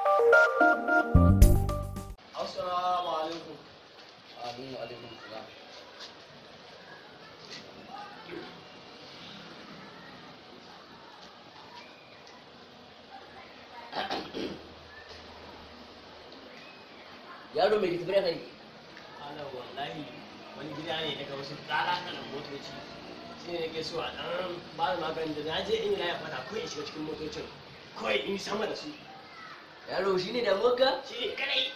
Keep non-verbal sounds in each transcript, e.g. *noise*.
Assalamu *coughs* Yaro mai gidi bane Ana wallahi wani gida ne daga wasu tsara tsarakanan motoci. Shi ne nake so a ɗan ba da maganin da na je in yi lafiya fata ko in shiga cikin motocin. Kawai in yi sama da su. yaro shi ne damuwarka? shi ne kadai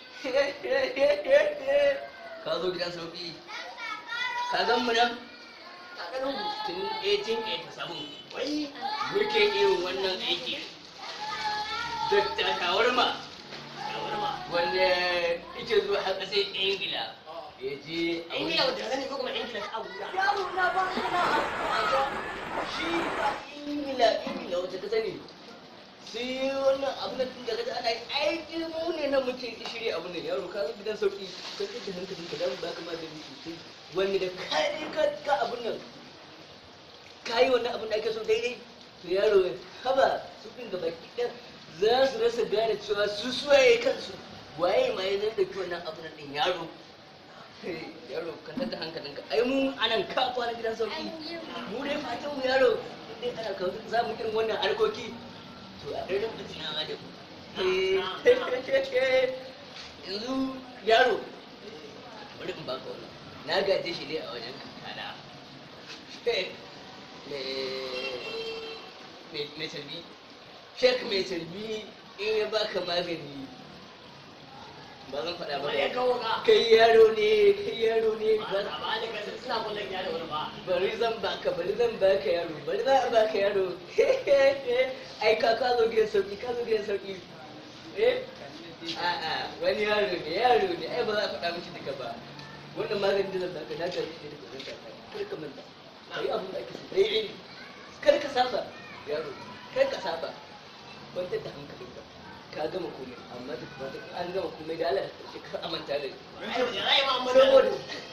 ka zo gidan sauki ka gan mu nan ka ganin tun 1887 wai muke irin wannan aiki da ma? wanda ike zuwa har ƙasar ingila oh. ya je ingila wata zane ko kuma ingila ta abuja yaro na ba kana a shi ba ingila ingila wata ka sani sai wannan abin da tun da ana yi aiki mu ne na muke gishiri abu ne yaro ka zai gidan sauki ka kai da hankali ka damu ba ka ma da sosai wani da kai ka ka abin nan ka yi wannan abin da ake so daidai to yaro ya haba su fin gaba kidan, za su rasa gane cewa su suwaye kansu waye ma ya zai ɗauki wannan abin nan ɗin yaro yaro ka tada hankalinka ai mu anan ka kwana gidan sauki mu dai fatan mu yaro dai ana kawo za mu irin wannan harkoki to a garin a cikin adam yanzu yaro bari in wani na gaje shi ne a wajen kankana mai tarbi shek mai tarbi in ya baka magani ba zan faɗa ba kai yaro ne kai yaro ne ba bari zan baka bari zan baka yaro bari za a baka yaro *laughs* ai ka ka zo gidan sauki ka zo gidan sauki eh a'a wani yaro ne yaro ne ai ba za a faɗa miki duka ba wannan maganin da zan baka da gari ne daga zanta kar ka manta ai abin da ake so dai kar ka saba yaro kar ka saba kwantar da hankalinka ka gama komai amma da an gama komai da Allah ka amanta da ni saboda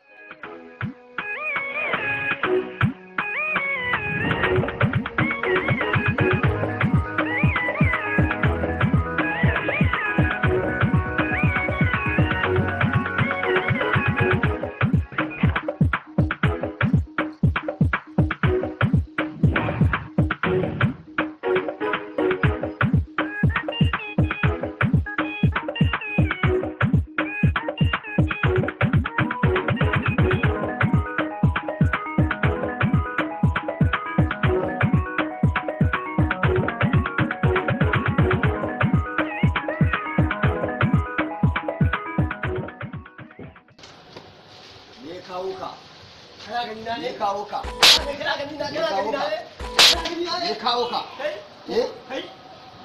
kawo ka na ne kawo ka kana gani na kana gani na ne kana gani ne kawo ka kai eh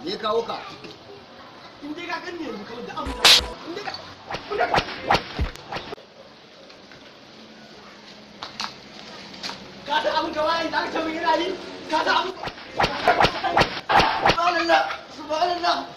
ne kawo ka in dai ka gani yanzu ka? da abu da ka ka san ka